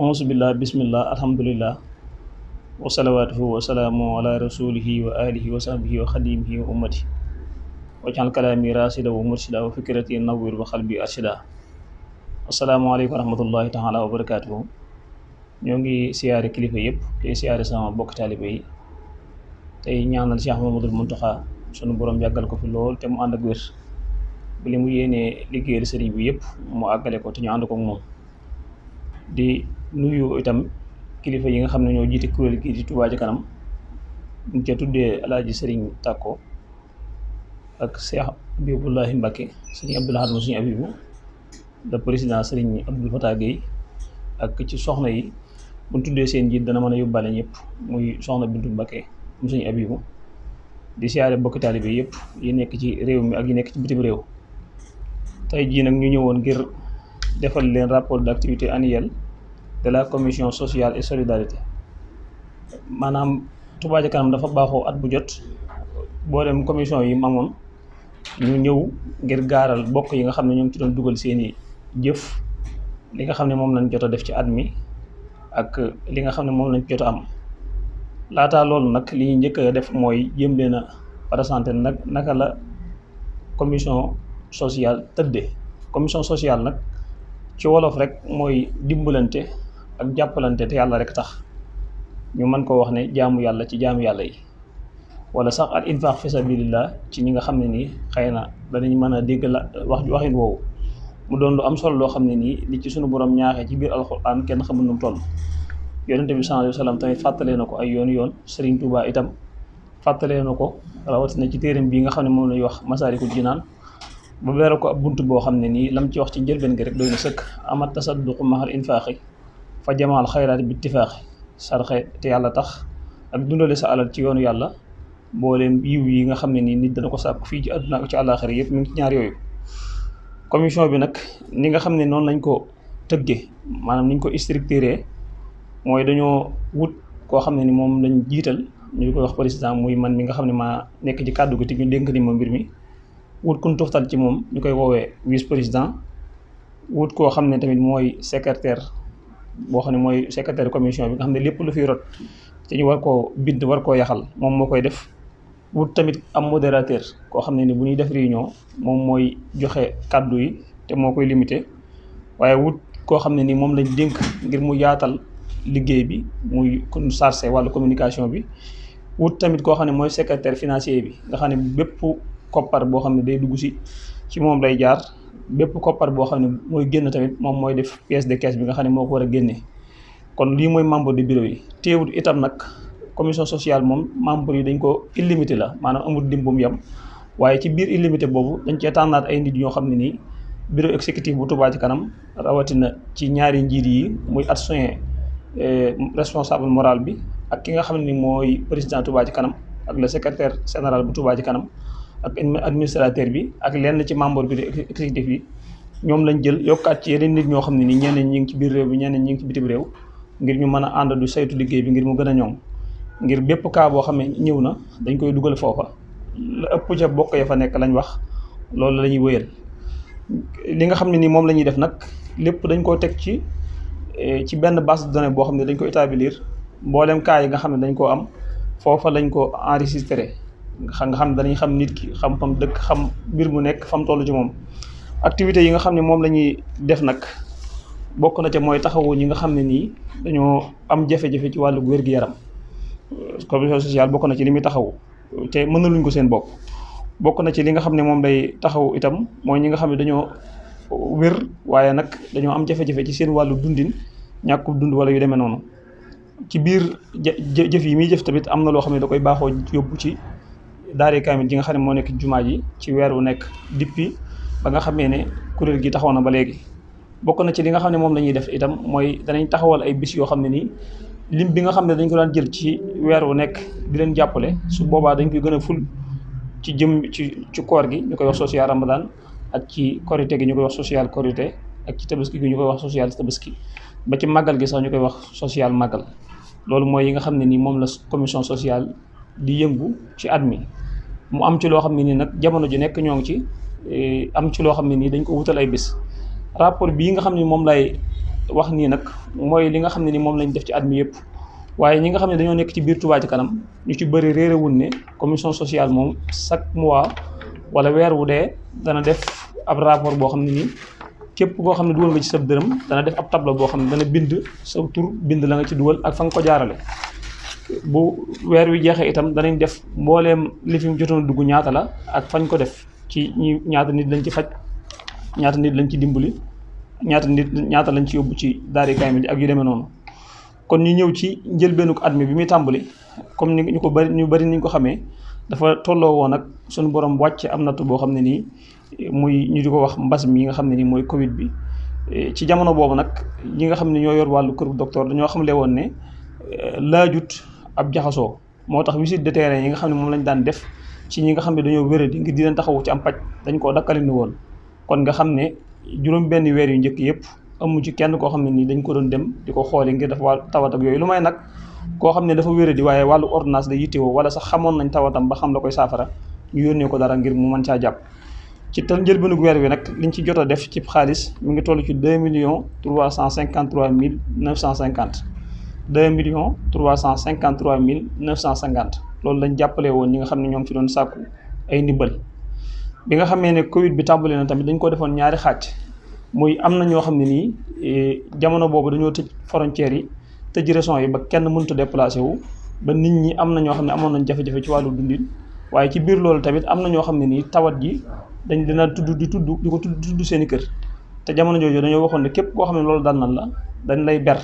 auzu billah bismillah alhamdulillah wa salawaatuhu wa salaamu ala rasulihi wa alihi wa wa xadimihi wa ummati wajal kalaami rasida wa mursida wa fikrati nawwir wa xalbi arshida assalaamu aleykum wa rahmatullahi taala wa barakatuhu ñoo ngi siyaare kilifa yëpp tey siyaare sama bokk taalibe yi tey ñaanal Cheikh Mamadul Muntaxa sunu borom yàggal ko fi lool te mu ànd ak wér bi li mu yéenee liggéeyal sëriñ bi yëpp mu àggale ko te ñu nuyu itam kilifa yi nga xam ne ñoo jiite kuréel gi di Touba ca kanam ñu ca tuddee alaaji sëriñ Tàkko ak Cheikh Abibullahi Mbacke sëriñ Abdul Ahad sëriñ Abibu le président sëriñ Abdul Fatah Gueye ak ci soxna yi bu tuddee seen jiit dana mën a yóbbaale ñëpp muy soxna Bintu Mbacke mu sëriñ Abibu di siyaare bokki taalibe yëpp yi nekk ci réew mi ak yi nekk ci bitim réew tey jii nag ñu ñëwoon ngir defal leen rapport activité annuel de la commission sociale et solidarité maanaam Touba Ca Kanam dafa baaxoo at bu jot boo dem commission yi mamoon ñu ñëw ngir gaaral bokk yi nga xam ne ñoom ci doon dugal seeni jëf li nga xam ne moom lañ jot a def ci at mi ak li nga xam ne moom lañ jot am laataa loolu nag li ñuy njëkk a def mooy jéem na a présenter nag naka la commission sociale tëdde commission sociale nag ci wolof rek mooy dimbalante ak jàppalante te yàlla rek tax ñu mën koo wax ne jaamu yàlla ci jaamu yàlla yi wala sax al infaq fi sabilillah ci ñi nga xam ne nii xëy na danañ mën a dégg la wax waxin woowu mu doon lu am solo loo xam ne nii li ci sunu borom ñaaxee ci biir alxuraan kenn xamul nu mu toll yonente bi sallallahu alayhi wa sallam tamit fàttalee na ko ay yoon yoon Serigne Touba itam fàttalee na ko rawatina ci téeram bii nga xam ne moom lañuy wax Masaalikul Jinaan ba beral ko ab bunt boo xam ne nii lam ci wax ci njëlbeen gi rek doy na sëkk amat tasadduqu mahal infaqi fa jamaal xayraat bi ittifaaxi sarxe te yàlla tax ak dundale sa alal ci yoonu yàlla mbooleem yiw yi nga xam ne nii nit dana ko sàkku fii ci àdduna ci àllaaxira yëpp mu ngi ci ñaar yooyu commission bi nag ni nga xam ne noonu lañ ko tëgge maanaam niñ ko structuré mooy dañoo wut koo xam ne ni moom lañ jiital ñu di koy wax président muy man mi nga xam ne maa nekk ci kàddu gi te ñu dénk ni ma mbir mi wut kun toftal ci moom ñu koy woowee vice président wut koo xam ne tamit mooy secrétaire boo xam ne mooy secrétaire commission bi nga xam ne lépp lu fi rot te ñu war koo bind war koo yaxal moom moo koy def wut tamit am modérateur koo xam ne ni bu ñuy def moom mooy joxe kàddu yi te moo koy limité waaye wut koo xam ne ni moom lañ dénk ngir mu yaatal liggéey bi muy kon chargé wàllu communication bi wut tamit koo xam ne mooy secretaire financier bi nga xam ne bépp koppar boo xam ne day dugg si ci moom lay jaar bépp koppar boo xam ne mooy génn tamit moom mooy def pièce de caisse bi nga xam ne moo ko war a génne kon lii mooy membre du bureau yi teewut itam nag commission sociale moom membre yi dañ ko illimité la maanaam amul dim bu yem waaye ci biir illimité boobu dañ cee tànnaat ay nit ñoo xam ne nii bureau exécutif bu Touba ci kanam rawatina ci ñaari njiir yi muy at adjoint eh, responsable moral bi ak ki nga xam ne ni mooy président Touba ci kanam ak le secrétaire général bu Touba ci kanam ak administrateur bi ak lenn ci membre bi exécutif yi ñoom lañ jël yokkaat ci yeneen nit ñoo xam ne ni ñeneen ñi ngi ci biir réew bi ñeneen ñi ngi ci bitim réew ngir ñu mën a ànd du saytu liggéey bi ngir mu gën a ñoom ngir bépp cas boo xam ne ñëw na dañ koy dugal foofa la ëpp ca bokk ya fa nekk lañ wax loolu la ñuy wëyal li nga xam ne nii moom la ñuy def nag lépp dañ koo teg ci eh, ci benn base de données boo xam ne dañ ko établir mboolem cas yi nga xam ne dañ koo am foofa lañ ko enregistré xam nga xam ne danañ xam nit ki xam fam dëkk xam mbir mu nekk fam toll ci moom activité yi nga xam ne moom la ñuy def nag bokk na ca mooy taxawu ñi nga xam ne nii dañoo am jafe ci wàllu wér yaram commission sociale bokk na ci li muy taxawu te mënaluñ ko seen bopp bokk na ci li nga xam ne moom day taxaw itam mooy ñi nga xam ne dañoo wér waaye nag dañoo am jafe-jafe ci seen wàllu dundin ñàkku dund wala yu deme noonu ci biir jëf yi muy jëf tamit am na loo xam ne da koy baaxoo yóbbu ci daari kaamil ji nga xam ne moo nekk jumaa ji ci weer wu nekk dippi ba nga xamee ne kuréel gi taxaw na ba léegi bokk na ci li nga xam ne moom la ñuy def itam mooy danañ taxawal ay bis yoo xam ne nii lim bi nga xam ne dañ ko daan jël ci weer wu nekk di leen jàppale su boobaa dañ koy gën a ful ci jëm ci ci koor gi ñu koy wax social ramadan ak ci korité gi ñu koy wax social korité ak ci tabaski gi ñu koy wax social tabaski ba ci màggal gi sax ñu koy wax social màggal loolu mooy yi nga xam ne nii moom la commission sociale di yëngu ci at mi mu am ci loo xam ne nii nag jamono ji nekk ñoo ngi ci eh, am ci loo xam ne nii dañ ko wutal ay bis rapport bii nga xam ne moom lay wax nii nag mooy li nga xam ne ni moom lañ def ci at mi yëpp waaye ñi nga xam ne dañoo nekk ci biir Touba ci kanam ñu ci bëri réerewul ne commission sociale moom chaque mois wala weer wu dee dana def ab rapport boo xam ne nii képp koo xam ne dugal nga ci sa dërëm dana def ab tableau boo xam ne dana bind sa bind la nga ci dugal ak fa nga ko jaarale bu weer wi jeexee itam danañ def mbooleem li fi mu jotoon dugg ñaata la ak fañ ko def ci ñi ñaata nit lañ ci faj ñaata nit lañ ci dimbali ñaata nit ñaata lañ ci yóbbu ci daari kaamil ak yu demee noonu kon ñu ñëw ci njëlbeenuk at mi bi muy tàmbali comme ni ñu ko bari ñu bari niñ ko xamee dafa tolloo woon ak suñu borom wàcc am natt boo xam ne nii muy ñu di ko wax mbas mi nga xam ne nii mooy Covid bi ci jamono boobu nag ñi nga xam ne ñoo yor wàllu kër docteur dañoo xamle woon ne ab jaxasoo moo tax visite de terrain yi nga xam ne moom lañu daan def ci ñi nga xam ne dañoo wéradi ngir di leen taxawu ci am paj dañ koo dakkalinu woon kon nga xam ne juróom benn weer yu njëkk yëpp amu ci kenn koo xam ne nii dañ ko doon dem di ko xooli ngir dafa wàllu tawat yooyu lu may nag koo xam ne dafa wéradi waaye wàllu ordonnance day yittewoo wala sax xamoon nañ tawatam ba xam la koy saafara ñu yónnee ko dara ngir mu mën caa jàpp ci tal njëlbéenu weer wi nag liñ ci jot def ci xaalis mi ngi toll ci deux millions trois cent cinquante mille neuf cent deux millions trois cent cinquante mille neuf cent cinquante loolu lañ jàppale woon ñi nga xam ne ñoom ci doon sàkku ay ndimbal bi nga xamee ne Covid bi tàmbalee na tamit dañ ko defoon ñaari xaaj muy am na ñoo xam ne nii eh, jamono boobu dañoo tëj frontières yi tëj régions yi ba kenn mënut a wu ba nit ñi am na ñoo xam ne amoon nañ jafe-jafe ci wàllu dundin waaye ci biir loolu tamit am na ñoo xam ne nii tawat ji dañ dina tudd di tudd di ko tudd tudd seen i kër te jamono jooju dañoo waxoon ne képp koo xam ne loolu daan nan la dañ lay ber.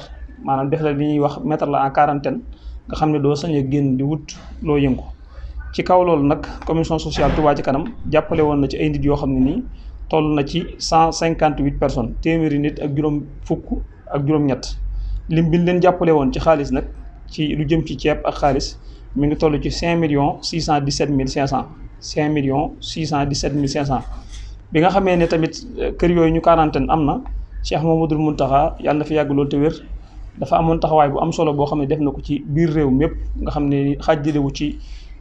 maanaam def la li ñuy wax mettre la en quarantaine nga xam ne doo sañ a génn di wut loo yëngu ci kaw loolu nag commission sociale Touba ci kanam jàppale woon na ci ay nit yoo xam ne nii toll na ci cent cinquante huit personnes téeméeri nit ak juróom fukk ak juróom-ñett lim bi ñu leen jàppale woon ci xaalis nag ci lu jëm ci ceeb ak xaalis mi ngi toll ci cinq millions six cent dix mille cinq cent cinq millions six cent dix sept mille bi nga xamee ne tamit kër yooyu ñu quarantaine am na Cheikh Mamadou a yàlla na fi yàgg loolu te wér dafa amoon taxawaay bu am solo boo xam ne def na ko ci biir réew mépp nga xam ne xaajalewu ci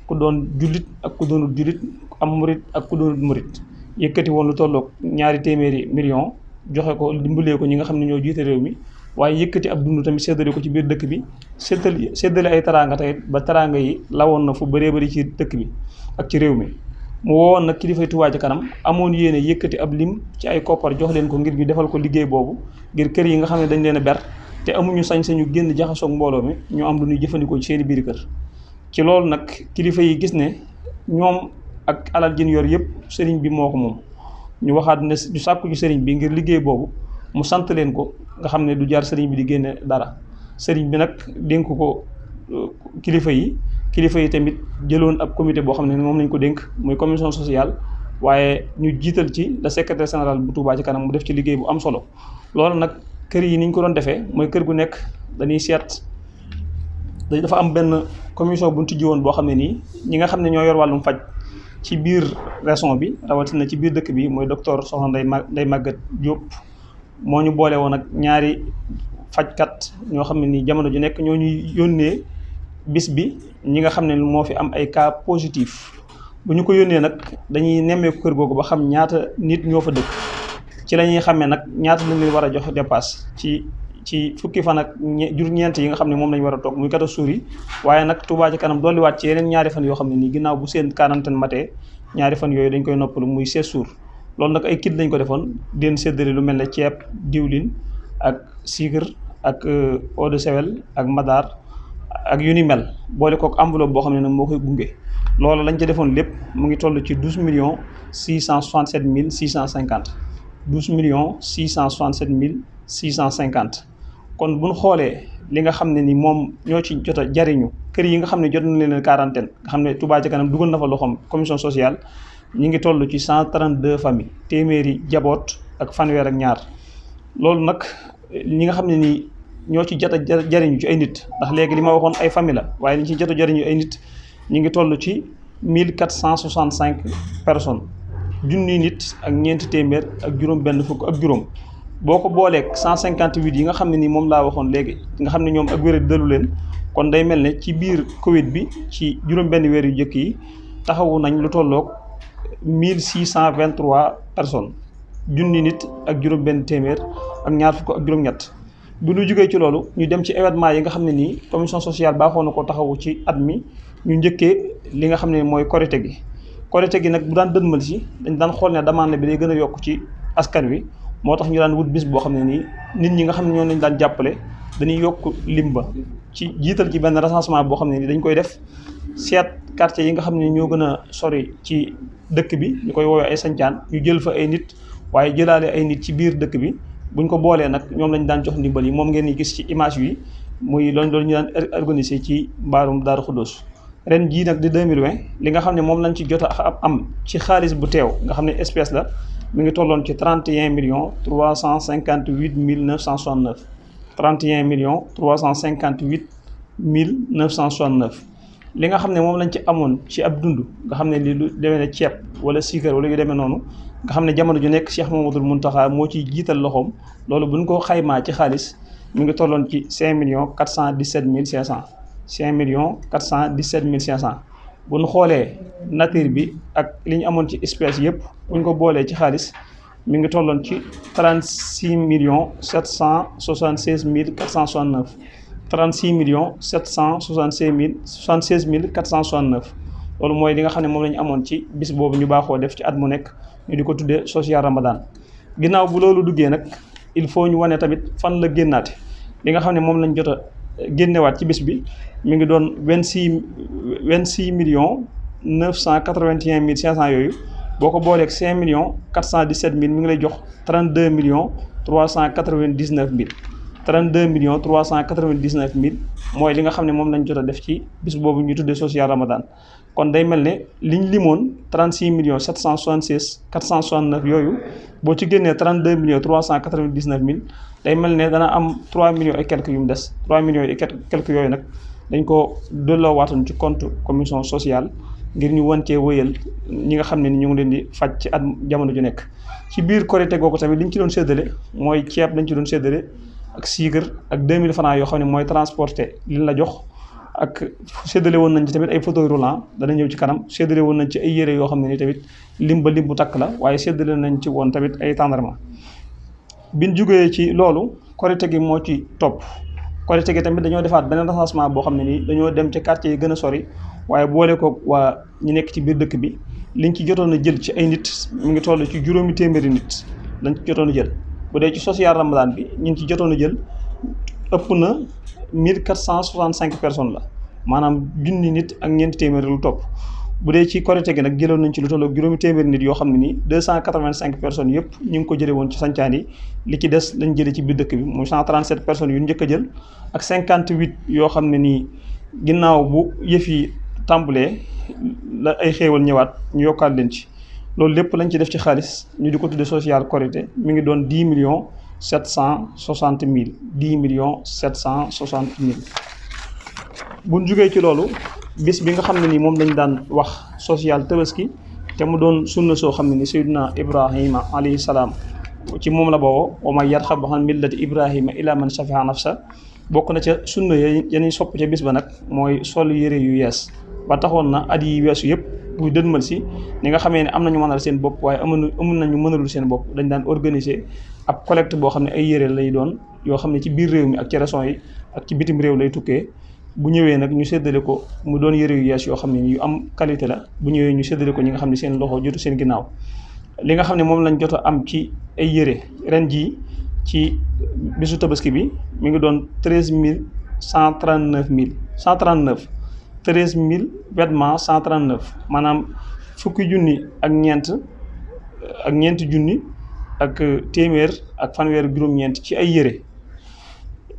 ku doon jullit ak ku doonul jullit ku am murit ak ku doonul murit yëkkati woon lu tolloog ñaari téeméeri million joxe ko dimbalee ko ñi nga xam ne ñoo jiite réew mi waaye yëkkati ab dund tamit séddale ko ci biir dëkk bi séddale séddale ay taraanga tey ba taraanga yi lawoon na fu bëree bëri ci dëkk bi ak ci réew mi mu wowoon nag kilifa Touba Ca Kanam amoon yéene yëkkati ab lim ci ay koppar jox leen ko ngir ñu defal ko liggéey boobu ngir kër yi nga xam ne dañ leen a ber te amuñu sañ-sañu génn jaxasoog mbooloo mi ñu am lu ñuy jëfandikoo ci seen biir kër ci loolu nag kilifa yi gis ne ñoom ak alal jën yor yëpp sëriñ bi moo ko moom ñu waxaat ne ñu sàkku ci sëriñ bi ngir liggéey boobu mu sant leen ko nga xam ne du jaar sëriñ bi di génne dara sëriñ bi nag dénk ko euh, kilifa yi kilifa yi tamit jëloon ab comité boo xam ne moom lañ ko dénk muy commission sociale waaye ñu jiital ci le secrétaire général bu Touba ci kanam mu def ci liggéey bu am solo kër yi ni ñu ko doon defee mooy kër gu nekk dañuy seet dañ dafa am benn commission bu ñu tijji woon boo xam ne nii ñi nga xam ne ñoo yor wàllum faj ci biir région bi rawatina ci biir dëkk bi mooy docteur Soxna Ndeye Mag Ndeye màggat Diop moo ñu boole woon ak ñaari fajkat ñoo xam ne nii jamono ju nekk ñoo ñuy yónnee bis bi ñi nga xam ne moo fi am ay cas positif bu ñu ko yónnee nag dañuy nemmeeku kër googu ba xam ñaata nit ñoo fa dëkk. ci la ñuy xamee nag ñaata lu leen war a jox dépasse ci ci fukki fan ak jur ñeent yi nga xam ne moom lañu war a toog muy quatorze jours yi waaye nag Touba Ca Kanam waat ci yeneen ñaari fan yoo xam ne nii ginnaaw bu seen quarantaine matee fan yooyu dañ koy noppalu muy seize jours loolu nag ay kit lañ ko defoon den séddale lu mel na ceeb diwlin ak sucre ak euh, eau de sewel ak madaar ak yu ni mel boole kook enveloppe boo xam ne nag moo koy gunge loolu lañ ca defoon lépp mu ngi toll ci douze millions six cent soixante-sept mille six cent douze million six cent soixante-sept mille six cent cinquante kon buñ xoolee li nga xam ne ni moom ñoo ci jot jariñu kër yi nga xam ne jot na leen quarantaine nga xam ne Touba Ca Kanam dugal na fa loxoom commission sociale ñi ngi toll ci cent trente-deux famille téeméeri jaboot ak fanweer ak ñaar loolu nag ñi nga xam ne ni ñoo ci jot a jariñu ci ay nit ndax léegi li ma waxoon ay famille la waaye li ñu ci jot jariñu ay nit ñi ngi toll ci mille quatre cent soixante-cinq personnes junni nit ak ñeenti téeméer ak juróom benn fukk ak juróom boo ko cent booleeg 158 yi nga xam ne ni moom laa waxoon léegi nga xam ne ñoom ak wér dalu leen kon day mel ne ci biir Covid bi ci juróom benn weer yu njëkk yi taxawu nañ lu tolloog 1623 personnes junni nit ak juróom benn téeméer ak ñaar fukk ak juróom-ñett. bu ñu jógee ci loolu ñu dem ci événement yi nga xam ne nii commission sociale baaxoon na ko taxawu ci at mi ñu njëkkee li nga xam ne mooy korite gi korite gi nag bu daan dënmal si dañ daan xool ne demande bi day gën a yokk ci askan wi moo tax ñu daan wut bis boo xam ne nii nit ñi nga xam ne ñoo lañ daan jàppale dañuy yokk lim ba ci jiital ci benn recensement boo xam ne nii dañ koy def seet quartier yi nga xam ne ñoo gën a sori ci dëkk bi ñu koy woowee ay sancaan ñu jël fa ay nit waaye jëlaale ay nit ci biir dëkk bi buñ ko boolee nag ñoom lañ daan jox ndimbal yi moom ngeen di gis ci image yi muy loolu loolu ñu daan er-, organiser ci mbaarum Daaru Xuddoos ren jii nag di 2020 li nga xam ne moom lañ ci jot a am ci xaalis bu teew nga xam ne espèce la mu ngi tolloon ci 31 millions 358 mille 969 31 millions 358 mille 969 li nga xam ne moom lañ ci amoon ci ab dund nga xam ne li lu demee ne ceeb wala siikar wala yu demee noonu nga xam ne jamono ju nekk Cheikh Mamadou Mountakha moo ciy jiital loxoom loolu buñ ko xaymaa ci xaalis mi ngi tolloon ci 5 millions 417 mille 500 cinq millions quatre cent dix sept mille cinq cent bu ñu xoolee nature bi ak li ñu amoon ci espèce yëpp bu ñu ko boolee ci xaalis mi ngi tolloon ci trente six millions sept cent soixante seize mille quatre cent soixante neuf trente millions sept cent soixante seize mille soixante mille quatre cent soixante neuf loolu mooy li nga xam ne moom la amoon ci bis boobu ñu baaxoo def ci at mu nekk ñu di ko tuddee social ramadan ginnaaw bu loolu duggee nag il faut ñu wane tamit fan la génnaate li nga xam ne moom lañ jot génnewaat ci bis bi mi ngi doon vingt six vingt six millions neuf cent quatre vingt et un mille cent yooyu boo ko booleeg cinq millions quatre cent dix sept mille mi ngi lay jox trente deux millions trois cent quatre vingt dix neuf mille. trente deux millions trois cent quatre vingt dix neuf mille mooy li nga xam ne moom lañ jot a def ci bis boobu ñu tuddee social Ramadan. kon day mel ne liñ limoon 36 millions 776 469 yooyu boo ci génnee 32 millions 399 mille day mel ne dana am 3 millions et quelques yu mu des 3 millions et quelques yooyu nag dañ ko delloowaatoon ci compte commission sociale ngir ñu wan cee wëyal ñi nga xam ne ni ñu ngi leen di faj ci at jamono ju nekk. ci biir korite googu tamit ñu ci doon séddale mooy ceeb dañ ci doon séddale ak siigar ak 2000 francs yoo xam ne mooy transporté liñ la jox. ak séddale woon nañ ci tamit ay fauteuil roulant dana ñëw ci kanam séddale woon nañ ci ay yére yoo xam ne nii tamit lim ba lim bu takk la waaye séddale nañ ci woon tamit ay tàndarma biñ jugee ci loolu korite gi moo ci topp korite gi tamit dañoo defaat beneen recensement boo xam ne nii dañoo dem ci quartier yi gën a sori waaye boole ko waa ñu nekk ci biir dëkk bi liñ ci jotoon a jël ci ay nit mu ngi toll ci juróomi téeméeri nit lañ ci jotoon a bu dee ci social ramadan bi ñu ngi ci jotoon a jël ëpp na mille quatre cent soixante cinq personnes la maanaam junni nit ak ñeenti téeméeri lu topp bu dee ci korite gi nag jëloon nañ ci lu tollook juróomi téeméer nit yoo xam ne nii deux cent quatre vingt cinq personnes yëpp ñu ngi ko jëlee woon ci sancaan ci des lañ jëlee ci biir dëkk bi mooy cent trente sept personnes yu njëkk a jël ak cinquante huit yoo xam ne nii ginnaaw bu yëfi yi tàmbalee la ay xéewal ñëwaat ñu yokkaat leen ci loolu lépp lañ ci def ci xaalis ñu di ko tudde social korite mi ngi doon dix millions. sept cent soixante mille dix million sept cent soixante mille bu jugee ci loolu bis bi nga xam ne ni moom lañ daan wax social tabaski te mu doon sunna soo xam ne ni sayyidina Ibrahima alayhi salaam ci moom la booboo wa man yarxab an millati Ibrahima illa man safiha nafsa bokk na ca sunna ya yañuy sopp ca bis ba nag mooy sol yére yu wees ba taxoon na at yi weesu yëpp buy dënmal si ni nga xamee ne am na ñu nañu mënal seen bopp waaye amuñu amun nañu mënalul seen bopp dañ daan organiser ab collecte boo xam ne ay yére lay doon yoo xam ne ci biir réew mi ak ci régions yi ak ci bitim réew lay tukkee bu ñëwee nag ñu séddale ko mu doon yére yu yees yoo xam ne yu am qualité la bu ñëwee ñu séddale ko ñi nga xam ne seen loxo jotu seen ginnaaw li nga xam ne moom lañ jot am ci ay yére ren ji ci bisu tabaski bi mu ngi doon treize mille cent trente neuf mille cent trente neuf treize mille vêtements cent trente neuf maanaam fukki junni ak ñeent ak ñeenti junni. ak téeméer ak fanweer juróom-ñeent ci ay yére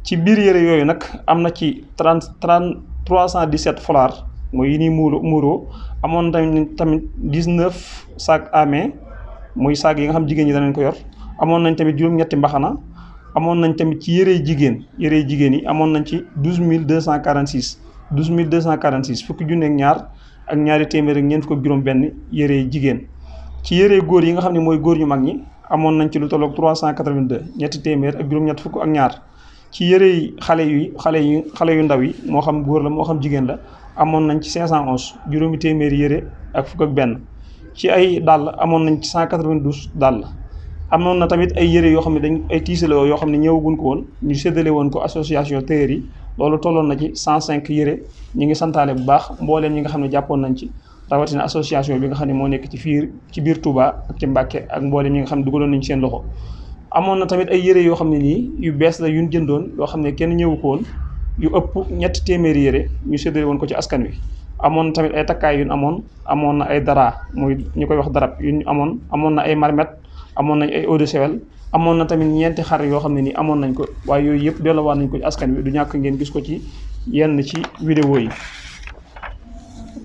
ci biir yére yooyu nag am na ci trente trente trois cent dix sept folaar mooy yi ni muro muro amoon nañ tamit dix neuf sac à main muy sac yi nga xam jigéen ñi danañ ko yor amoon nañ tamit juróom-ñetti mbaxana amoon nañ tamit ci yére jigéen yére jigéen yi amoon nañ ci douze mille deux cent quarante six douze mille deux cent quarante six fukki junne ak ñaar ak ñaari téeméer ak ñeent fukk ak juróom-benn yére jigéen ci yére góor yi nga xam ne mooy góor ñu mag ñi. amoon nañ ci lu tolloog 382 ñetti téeméer ak juróom-ñett fukk ak ñaar ci yëre yi xale yi xale yi xale yu ndaw yi moo xam góor la moo xam jigéen la amoon nañ ci 511 juróomi téeméeri yëre ak fukk ak benn ci ay dàll amoon nañ ci 192 dàll. amoon na tamit ay yëre yoo xam ne dañ ay tiisaloo yoo xam ne ñëwaguñ ko woon ñu séddale woon ko association téer yi loolu tolloon na ci 105 yëre ñu ngi santaale bu baax mbooleem ñi nga xam ne jàppoon nañ ci. rawatina association bi nga xam ne moo nekk ci fiir ci biir Touba ak ci Mbàkke ak mboolem mi nga xam ne dugaloon nañu seen loxo amoon na tamit ay yére yoo xam ne nii yu bees la yuñ jëndoon yoo xam ne kenn ñëwu ko woon yu ëpp ñetti téeméeri ñu séddale woon ko ci askan wi amoon na tamit ay takkaay yuñ amoon amoon na ay daraa muy ñu koy wax darab yuñ amoon amoon na ay marmette amoon nañ ay eau de sevel amoon na tamit ñeenti xar yoo xam ne nii amoon nañ ko waaye yooyu yëpp delloowaat nañ ko ci askan wi du ñàkk ngeen gis ko ci yenn ci vidéo yi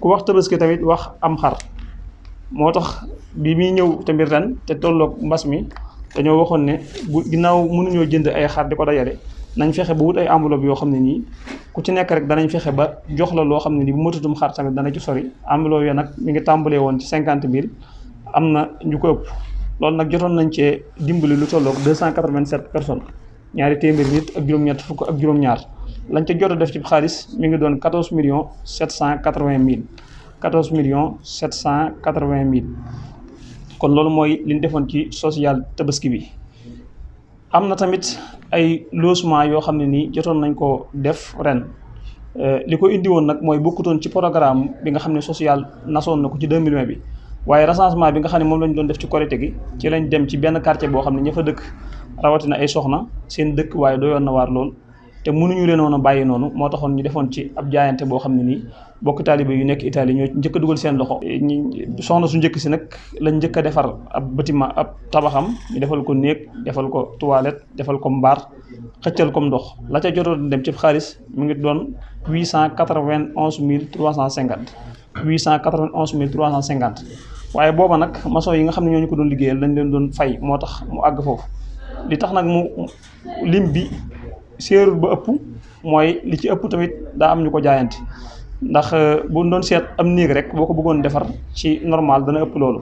ku wax tabaski tamit wax am xar moo tax bi muy ñëw tamit ren te tolloog mbas mi dañoo waxoon ne bu ginnaaw mënuñoo jënd ay xar di ko dajale nañ fexe ba wut ay enveloppe yoo xam ne nii ku ci nekk rek danañ fexe ba jox la loo xam ne nii bu matutum xar tamit dana ci sori enveloppe yoo mi ngi tàmbalee woon ci cinquante am na ñu ko ëpp loolu nag jotoon nañ cee dimbali lu tolloog deux cent quatre-vingt-sept personnes ñaari téeméeri nit ak juróom-ñett fukk ak juróom-ñaar lañ ca jot a def ci xaalis mi ngi doon quatorze millions sept cent quatre-vingt mille quatorze million sept cent quatre-vingt mille kon loolu mooy li defoon ci social tabaski bi am na tamit ay logement yoo xam ne nii jotoon nañ ko def ren eh, li ko indi woon nag mooy bokkutoon ci programme bi nga xam ne social nasoon na ko ci 2020 bi waaye recensement bi nga xam ne moom lañu doon def ci Korité gi ci lañ dem ci benn quartier boo xam ne ña fa dëkk rawatina ay soxna seen dëkk waaye doyoon na waar lool te mënuñu leen woon a bàyyi noonu moo taxoon ñu defoon ci ab jaayante boo xam ne nii bokk taalibe yu nekk Italie ñoo njëkk a dugal seen loxo. ñi soxna su njëkk si nag lañ njëkk a defar ab batiment ab tabaxam ñu defal ko néeg defal ko toilette defal ko mbaar xëccal ko mu ndox la ca jotoon dem ci xaalis mu ngi doon huit cent quatre-vingt-onze mille trois cent cinquante. huit cent quatre-vingt-onze mille trois cinquante waaye booba nag maçon yi nga xam ne ñoo ñu ko doon liggéeyal lañ leen doon fay moo tax mu àgg foofu li bi. séerul ba ëpp mooy li ci ëpp tamit daa am ñu ko jaayante ndax euh, bu doon seet am néeg rek boo ko bëggoon defar ci normal dana ëpp loolu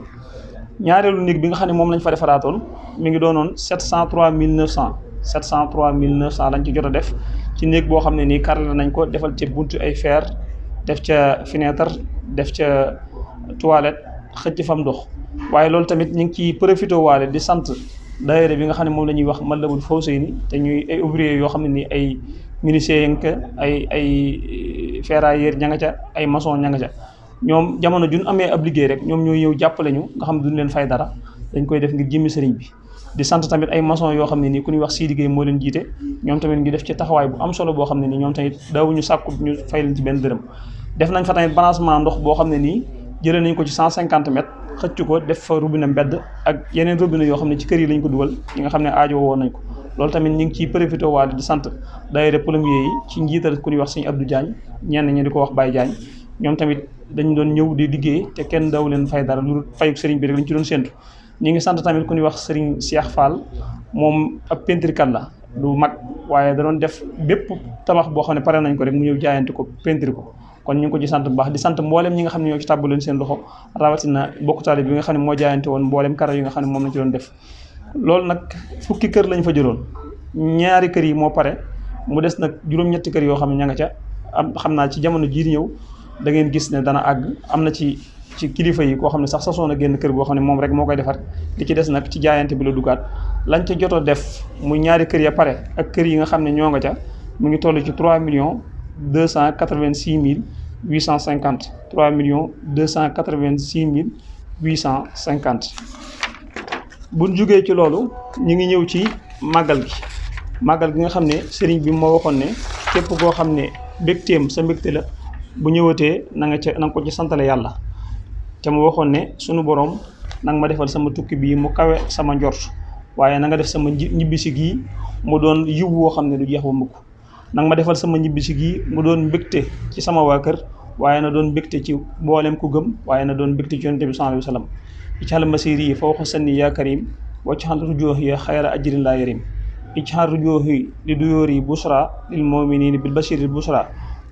ñaareelu néeg bi nga xam ne moom lañ fa defaraatoon mi ngi doonoon sept cent mille neuf cent sept cent trois cent lañ ci jot a def ci néeg boo xam ne nii carrelé nañ ko defal ca buntu ay fer def ca fenêtre def ca toilette xëcc fam dox waaye loolu tamit ñu ngi ciy profité waale di sant daayira bi nga xam ne moom la ñuy wax Matlabul Fawzayni te ñuy ay ouvrier yoo xam ne nii ay menuisier ay ay eh, ferrailleur ña nga ca ay mason ña nga ca ñoom jamono juñ amee ab liggéey rek ñoom ñoo ñëw jàppale ñu nga xam ne duñ leen fay dara dañ koy def ngir jëmmi sëriñ bi di sant tamit ay mason yoo xam ne nii ku ñuy wax Sidi liggéey moo leen jiite ñoom tamit ngi def ci taxawaay bu am solo boo xam ne nii ñoom tamit daawuñu sàkku ñu fay leen ci benn dërëm def nañ fa tamit balancement ndox boo xam ne nii jëlee nañ ko ci 150 mètres xëcc ko def fa robinet mbedd ak yeneen robinet yoo xam ne ci kër yi lañ ko dugal ñi nga xam ne aajo woon nañ ko loolu tamit ñu ngi ciy profité waale di sant daayira plombier yi ci njiital ku ñuy wax ab Abdou Diagne ñenn ñi di ko wax Baye Diagne ñoom tamit dañ doon ñëw di liggéey te kenn daw leen fay dara lu fayu sëriñ bi rek lañ ci doon séntu ñi ngi sant tamit ku ñuy wax sëriñ Cheikh Fall moom ab pentrikat la du mag waaye da doon def bépp tabax boo xam ne pare nañ ko rek mu ñëw jaayante ko pentri ko kon ñu ngi ko ci sant bu baax di sant mboolem ñi nga xam ne ñoo ci tàbbaloon seen loxo rawatina bokk taalib bi nga xam ne moo jaayante woon mboolem kara yi nga xam ne loolu nag fukki kër lañ fa jëloon ñaari kër yi moo pare mu des nag juróom kër yoo xam ne ña nga ca am xam naa ci jamono jii di ñëw da ngeen gis ne dana àgg am na ci ci kilifa yi koo xam ne sax sasoon a génn kër goo xam ne moom rek moo koy defar li ci des nag ci jaayante bi la dugaat lañ ca jot def mu ñaari kër ya pare ak kër yi nga xam ne ñoo nga ca mu ngi toll ci trois millions deux cent quatre vingt six mille huit cent cinquante trois millions deux cent quatre vingt six mille huit cent cinquante. buñ jógee ci loolu ñu ngi ñëw ci màggal gi màggal gi nga xam ne sëriñ bi moo waxoon ne képp koo xam ne mbégteem sa mbégte la bu ñëwatee na nga ca na nga ko ci santale yàlla te mu waxoon ne sunu borom nanga ma defal sama tukki bii mu kawe sama njort waaye na nga def sama ñibbisi gii mu doon yiw woo xam ne du jeex ba mukk nanga ma defal sama ñibbisi gi mu doon mbégte ci sama waa kër waaye na doon mbégte ci mboolem ku gëm waaye na doon mbégte ci yonent bi sallallahu alayhi wa sallam ij'al masiri fawqa sanni yaa karim waj'al rujuhi xayra ajrin laa yarim ij'al rujuhi li duyoori busra lil muminina bil bashiril busra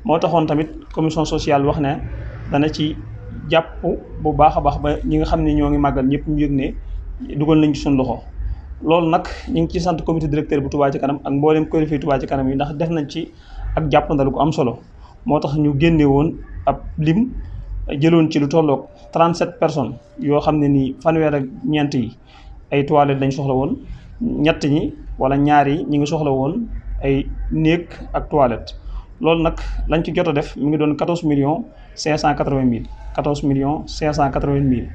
moo taxoon tamit commission sociale wax ne dana ci jàpp bu baax a baax ba ñi nga xam ne ñoo ngi màggal ñëpp ñu yëg ne dugal nañ ci suñu loolu nag ñu ngi ci sant commité directeur bu Touba ci kanam ak mboolem kuréel yi Touba ci kanam yi ndax def nañ ci ak jàppandal gu am solo moo tax ñu génne woon ab lim jëloon ci lu tolloog 37 personnes yoo xam ne nii fanweer ak ñeent yi ay toilettes lañ soxla woon ñett ñi wala ñaari yi ñi ngi soxla woon ay néeg ak toilette loolu nag lañ ci jot a def mu ngi doon 14 millions 580 mille 14 millions 580 mille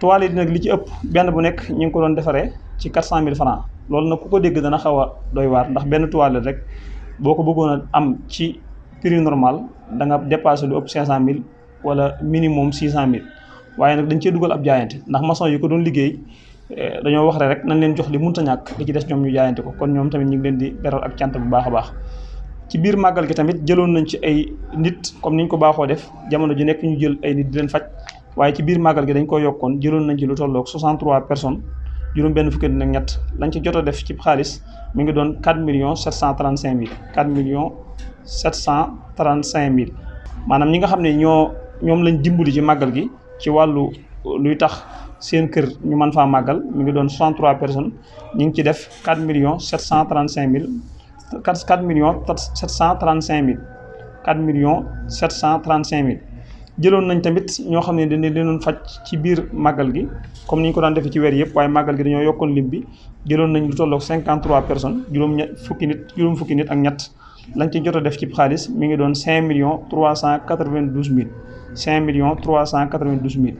toilettes yi nag li ci ëpp benn bu nekk ñu ngi ko doon defaree. ci quatre cent mille francs loolu na ku ko dégg dana xaw a doy waar ndax benn toilette rek boo ko bëggoon a am ci prix normal da nga dépassé lu ëpp cinq cent mille wala minimum six cent mille waaye nag dañ cee dugal ab jaayante ndax maçon yi ko doon liggéey eh, dañoo wax rek nañ leen jox li mun mënta ñàkk li ci des ñoom ñu jaayante ko kon ñoom tamit ñu ngi leen di beral ak cant bu baax a baax. ci biir màggal gi tamit jëloon nañ ci ay nit comme niñ ko baaxoo def jamono ju nekk ñu jël ay nit di leen faj ci biir màggal gi dañ ko yokkoon jëloon nañ ci lu tolloog 63 personnes. juróom benn fukki nag ñett lañ ci jot a def ci xaalis mi ngi doon cinq 4 millions 735 mille cent millions cinq mille maanaam ñi nga xam ne ñoo ñoom lañ dimbali ci màggal gi ci wàllu luy tax seen kër ñu mën faa màggal mu ngi doon 63 personnes ñu ngi ci def 4 millions 735 mille 4 4 millions 735 mille 4 millions 735 mille jëloon nañ tamit ñoo xam ne dañu leen faj ci biir màggal gi comme ni ñu ko daan defe ci weer yëpp waaye màggal gi dañoo yokkoon lim bi jëloon nañ lu tolloog 53 personnes juróom ñett fukki nit juróom fukki nit ak ñett lañ ci jot a def ci xaalis mi ngi doon 5 millions million mille 5 millions 392 mille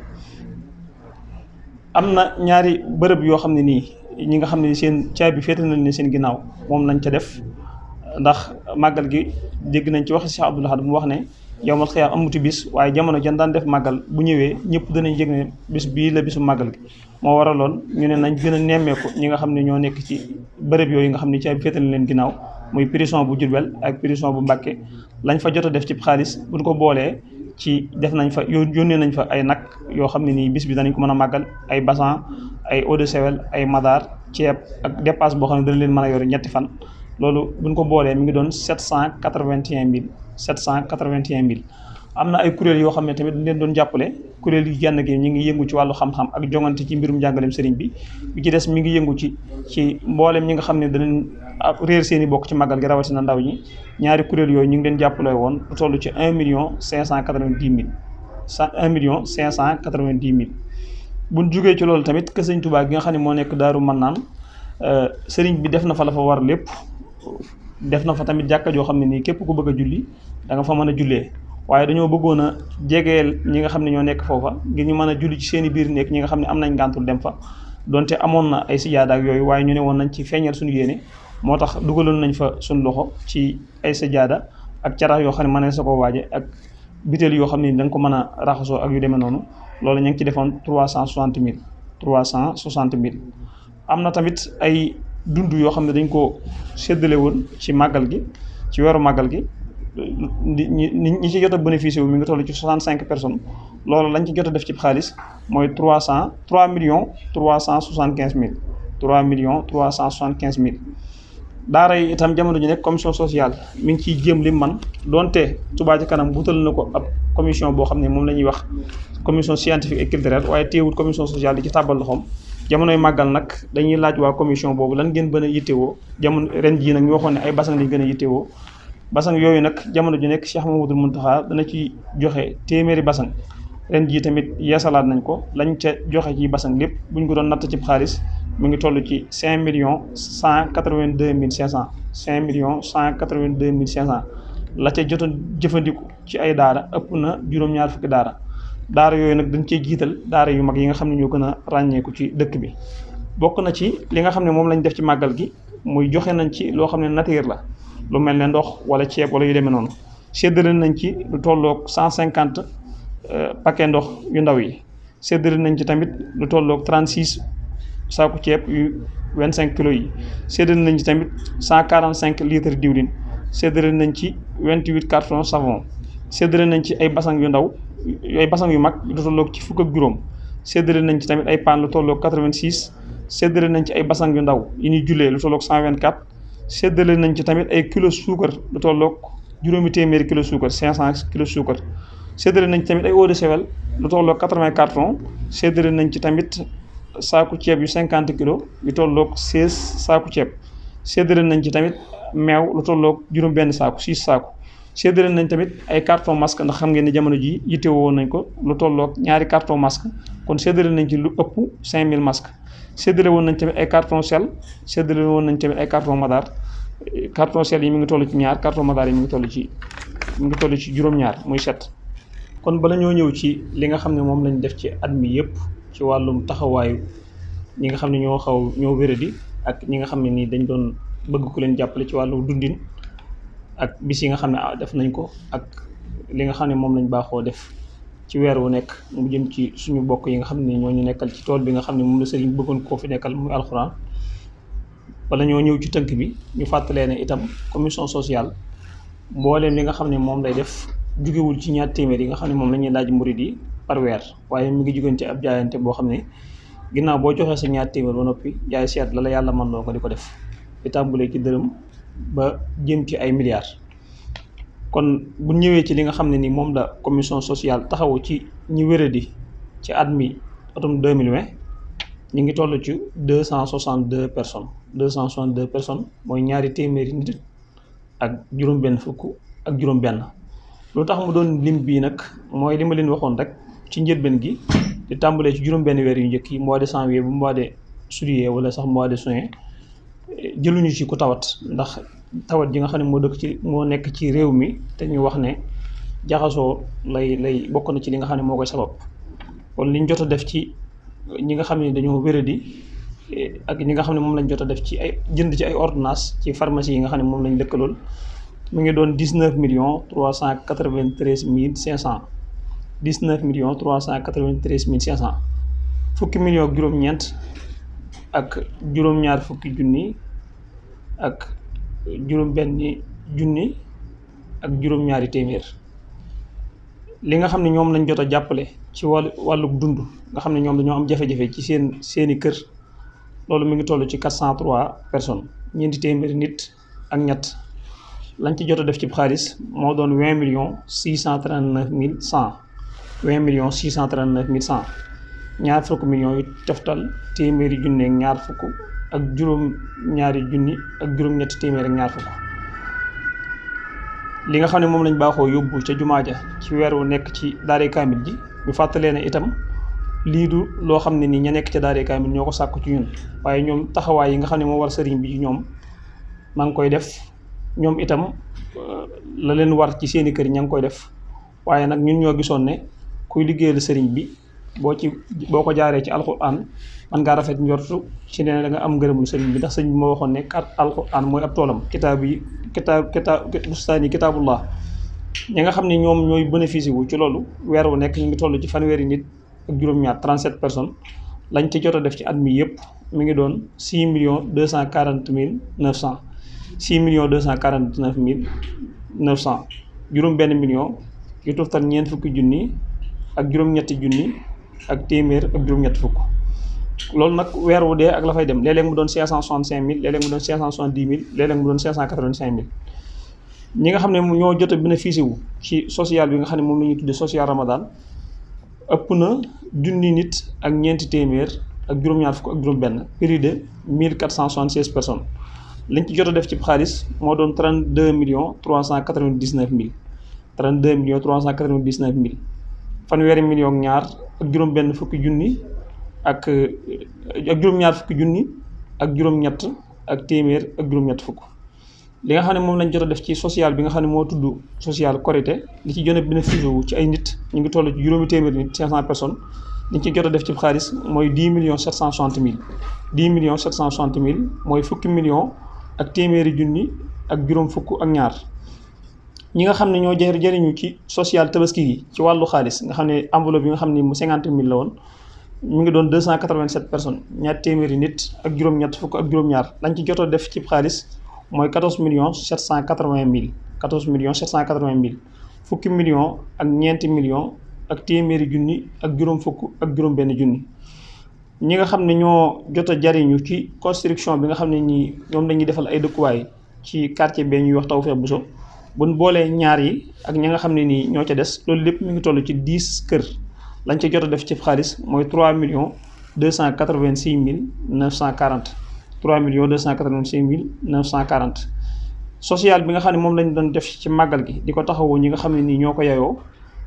am na ñaari bërëb yoo xam ne nii ñi nga xam ne seen caabi féete nañ ne seen ginnaaw moom lañ ca def ndax màggal gi dégg nañ ci wax Cheikh Abdoul Ahad mu wax ne yowmal xiyaam amuti bis waaye jamono jan daan def màggal bu ñëwee ñëpp danañ yëg ne bis bii la bisu màggal gi moo waraloon ñu ne nañ gën a nemmeeku ñi nga xam ne ñoo nekk ci bërëb yooyu nga xam ne ci ay féetale leen ginnaaw muy prison bu Jurbel ak prison bu Mbàkke lañ fa jot a def ci xaalis buñ ko boolee ci def nañ fa yoon yónnee nañ fa ay nag yoo xam ne nii bis bi danañ ko mën a màggal ay basan ay eau de sewel ay madar ceeb ak dépasse boo xam ne dana leen mën a yore ñetti fan loolu bu buñ ko boolee mi ngi doon sept cent quatre-vingt-un mille sept cent quatre-vingt-un mille am na ay kuréel yoo xam ne tamit dañ leen doon jàppale kuréel yi genn gi ñu ngi yëngu ci wàllu xam-xam ci mbirum jàngaleem sëriñ bi bi ci des mi ngi yëngu ci ci mboolem ñi nga xam ne danañ réer seen bokk ci màggal gi rawatina ndaw ñi ñaari kuréel yooyu ñu ngi leen jàppale woon lu toll ci un million cinq cent quatre-vingt-dix mille cinq cent quatre-vingt-dix mille buñ ci loolu tamit que sëriñ Tuubaa nga xam ne moo nekk Daaru Mannaan euh, sëriñ bi def na fa la fa war lépp def na fa tamit jàkka joo xam ne nii képp ku bëgg a julli da nga fa mën a jullee waaye dañoo bëggoon jegeel ñi nga xam ne ñoo nekk foofa ngir ñu mën a julli ci seen i biir nekk ñi nga xam ne am nañ gàntul dem fa donte amoon na ay sajaada ak yooyu waaye ñu ne woon nañ ci feeñal suñu yéene moo tax dugaloon nañ fa suñu loxo ci ay sajaada ak carax yoo xam ne mën sa koo waaje ak bitéel yoo xam ne da nga ko mën a raxasoo ak yu demee noonu loolu ñu ngi ci defoon trois cent soixante mille trois cent soixante mille am na tamit ay dund yoo xam ne dañ ko séddale woon ci màggal gi ci weeru màggal gi ñi ñi ci jot a bénéficié wu mi ngi toll ci soixante cinq personnes loolu lañ ci jot a def ci xaalis mooy trois cent trois millions trois cent soixante quinze mille trois millions trois cent soixante quinze mille daara yi itam jamono ji nekk commission sociale mi ngi ciy jëm li man donte Touba Ca Kanam wutal na ko ab commission boo xam ne moom la ñuy wax commission scientifique et culturelle waaye téewut commission di ci tàbbal loxoom jamonoy màggal nag dañuy laaj waa commission boobu lan ngeen gën a yittewoo jamono ren jii nag ñu waxoon ne ay basang lañ gën a yittewoo basang yooyu nag jamono ji nekk Cheikh Mamadou Mountakha dana ci joxe téeméeri basang ren jii tamit yeesalaat nañ ko lañ ca joxe ci basang lépp buñ ko doon natt ci xaalis mu ngi toll ci cinq million cent quatre-vingt-deux mille cinq cent cinq cent quatre mille cinq la ca jotoon jëfandiku ci ay daara ëpp na juróom-ñaar fukki daara daara yooyu nag dañ cee jiital daara yu mag yi nga xam ne ñoo gën a ràññeeku ci dëkk bi bokk na ci li nga xam ne moom lañ def ci màggal gi muy joxe nañ ci loo xam ne nature la lu mel ne ndox wala ceeb wala yu deme noonu séddale nañ ci lu tolloog cent cinquante euh, paquet ndox yu ndaw yi séddale nañ ci tamit lu tolloog trente six saaku ceeb vingt cinq kilos yi séddale nañ tamit cent quarante cinq litres diwlin séddale nañ ci vingt huit cartons savon séddale nañ ci ay basang yu ndaw ay basang yu mag lu tolloog ci fukk ak juróom séddale nañ ci tamit ay paan lu tolloog 86 séddale nañ ci ay basang yu ndaw yi ñuy jullee lu tolloog 124 séddale nañ ci tamit ay kilo suukar lu tolloog juróomi téeméeri kilo suukar 500 kilo suukar séddale nañ ci tamit ay eau de sevel lu tolloog 80 carton séddale nañ ci tamit saaku ceeb yu cinquante kilos yu tolloog 16 saaku ceeb séddale nañ ci tamit meew lu tolloog juróom benn saaku 6 saaku séddale nañ tamit ay carton masque ndax xam ngeen ni jamono ji yitte woon nañ ko lu tolloog ñaari carton masque kon séddale nañ ci lu ëpp 5000 masques séddale woon nañ tamit ay carton sel séddale woon nañ tamit ay carton madar carton sel yi mi ngi toll ci ñaar carton madar yi mi ngi toll ci mi ngi toll ci juróom-ñaar muy set kon bala ñoo ñëw ci li nga xam ne moom lañu def ci at mi yëpp ci wàllum taxawaayu ñi nga xam ne ñoo xaw ñoo wéradi ak ñi nga xam ne nii dañ doon bëgg ku leen jàppale ci wàllu dundin ak bis yi nga xam ne ah, def nañ ko ak li nga xam ne moom lañ baaxoo def ci weer wu nekk mu jëm ci suñu bokk yi nga xam ne ñoo ñu nekkal ci tool bi nga xam ne moom la sëriñ bëggoon koo nekkal muy alxuraan wala ñoo ñëw ci tënk bi ñu fàttalee ne itam commission sociale mbooleem li nga xam ne moom lay def jugewul ci ñaar téeméer yi nga xam ne moom la ñuy laaj murid yi par weer waaye mu ngi jugoon ci ab jaayante boo xam ne ginnaaw boo joxee sa ñaar téeméer ba noppi jaay seet la la yàlla mën loo ko di ko def di tàmbulee ci dërëm ba jëm ci ay milliards kon bu ñëwee ci li nga xam ne ni moom la commission sociale taxawu ci ñi wéradi ci at mi deux mille 2020 ñu ngi toll ci deux cent soixante deux personne deux cent soixante deux personne mooy ñaari téeméeri nit ak juróom-benn fukk ak juróom-benn lu tax mu doon lim bii nag mooy li ma leen waxoon rek ci njëlbeen gi di tàmbalee ci juróom-benn weer yu njëkk yi mois de janvier bu mois de juillet wala sax mois de juin jëluñu ci ku tawat ndax tawat ji nga xam ne moo dëkk ci moo nekk ci réew mi te ñu wax ne jaxasoo lay lay bokk na ci li nga xam ne moo koy sabab kon liñ jot a def ci ñi nga xam ne dañoo wéradi eh, ak ñi nga xam ne moom lañ jot a def ci ay jënd ci ay ordonnance ci pharmacie yi nga xam ne moom lañ lëkkalool mu ngi doon dix neuf millions trois cent quatre vingt treize mille cinq cent dix neuf millions trois cent quatre vingt treize mille cinq cent fukki ñeent ak juróom-ñaar fukki junni ak juróom-benni junni ak juróom-ñaari téeméer li nga xam ne ñoom lañ jot a jàppale ci wàllu wàllug dund nga xam ne ñoom dañoo am jafe-jafe ci seen seeni kër loolu mu ngi toll ci 403 personnes ñeenti téeméeri nit ak ñett lañ ci jot a def ci xaalis moo doon 20 millions 639 mille 100 20 millions 639 mille 100. ñaar fukk millions yu toftal téeméeri junne ak ñaar fukk ak juróom ñaari junni ak juróom ñetti téeméer ak ñaar fukk li nga xam ne moom lañ baaxoo yóbbu ca jumaa ja ci weer wu nekk ci daare kaamil ji ñu fàttalee ne itam lii du loo xam ne nii ña nekk ca daare kaamil ñoo ko sàkku ci ñun waaye ñoom taxawaay yi nga xam ne moom war sëriñ bi ñoom maa ngi koy def ñoom itam euh, la leen war ci seeni kër ña ngi koy def waaye nag ñun ñoo gisoon ne kuy liggéeyal sëriñ bi boo ci boo ko jaaree ci alxuraan man ngaa rafet njortu ci ne da nga am ngërëmul sëriñ bi ndax sëriñ bi moo waxoon ne kat alxuraan mooy ab toolam kitaab yi kitaab kitaab bustaani kitaabullah ñi nga xam ne ñoom ñooy bénéfice wu ci loolu weer wu nekk ñu ngi toll ci fanweeri nit ak juróom-ñaar 37 personnes lañ ci jot a def ci at mii yëpp mi ngi doon 6 millions 240 mille 900 6 millions 249 mille 900 juróom benn million yu tuftal ñeent fukki junni ak juróom-ñetti junni ak téeméer ak juróom-ñett fukk loolu nag weer wu dee ak la fay dem léeg-léeg mu doon cinq cent soixante cinq mil léeg-léeg mu doon cinq cent soixante dix mille léeg-léeg mu cinq cent ñi nga xam ne ñoo jot a bénéficié wu ci social bi nga xam ne moom la ñuy tuddee social ramadan ëpp na junni nit ak ñeenti téeméer ak juróom-ñaar fukk ak juróom-benn prix de mille quatre cent soixante seize personnes liñ ci jot a def ci xaalis moo doon trente deux millions trois cent quatre vingt dix neuf mille trente deux millions trois cent quatre vingt dix neuf mille fanweeri millions ñaar. ak juróom-benn fukki junni ak eh, ak juróom-ñaar fukki junni ak juróom-ñett ak téeméer ak juróom-ñett fukk. li nga xam ne moom lañ jot a def ci social bi nga xam ne moo tudd social Korité li ci jot a bénéficié wu ci ay nit ñu ngi toll ci juróomi téeméer nit 500 personnes. li ñu ci a def ci xaalis mooy dix million sept cent soixante mille dix millions sept cent soixante mille mooy fukki millions ak téeméeri junni ak juróom fukk ak ñaar. ñi nga xam ne ñoo jër jëriñu ci social tabaski gi ci wàllu xaalis nga xam ne enveloppe bi nga xam ne mu cinquante mille la woon mu ngi doon deux cent quatre-vingt-sept personnes ñaar téeméeri nit ak juróom-ñett fukk ak juróom-ñaar lañ ci joto def ci xaalis mooy quatorze millions sept cent quatre-vingt mille quatorze millions sept cent quatre-vingt fukki millions ak ñeenti millions ak téeméeri junni ak juróom fukk ak juróom benn junni ñi nga xam ne ñoo jot a jariñu ci construction bi nga xam ne ñi ñoom lañuy defal ay dëkkuwaay ci quartier bee ñuy wax Tawfekh Bousso buñ boolee ñaar yi ak ñi nga xam ne nii ñoo ca des loolu lépp mu ngi toll ci dix kër lañ ca jot a def ci mooy trois millions deux cent quatre-vingt-six mille cent quarante trois millions deux cent quatre vingt mille neuf cent quarante social bi nga xam ne moom lañ doon def ci màggal gi di ko taxawoo ñi nga xam ne nii ñoo ko yayoo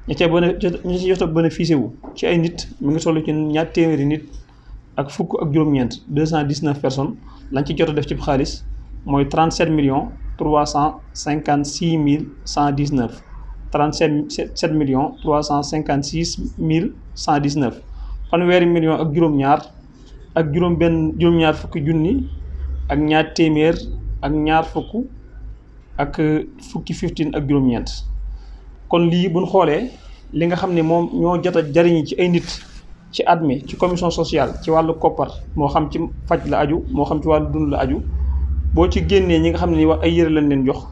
ña ca bën ña ci jot a bénéficié wu ci ay nit mi ngi toll ci ñaar téeméeri nit ak fukk ak juróom-ñeent cent dix-neuf personnes lañ ci jot def ci xaalis mooy trente-sept trois cent cinquante six mille cent dix neuf trente sept sept millions trois cent cinquante six mille cent dix neuf fanweeri million ak juróom-ñaar ak juróom-benn juróom-ñaar fukki junni ak ñaar téeméer ak ñaar fukk ak fukki fifteen ak juróom-ñeent kon lii buñ xoolee li nga xam ne moom ñoo jotal jariñi ci ay nit ci at mi ci commission sociale ci wàllu koppar moo xam ci faj la aju moo xam ci wàllu dund la aju boo ci génnee ñi nga xam ne ni wax ay yére lañ leen jox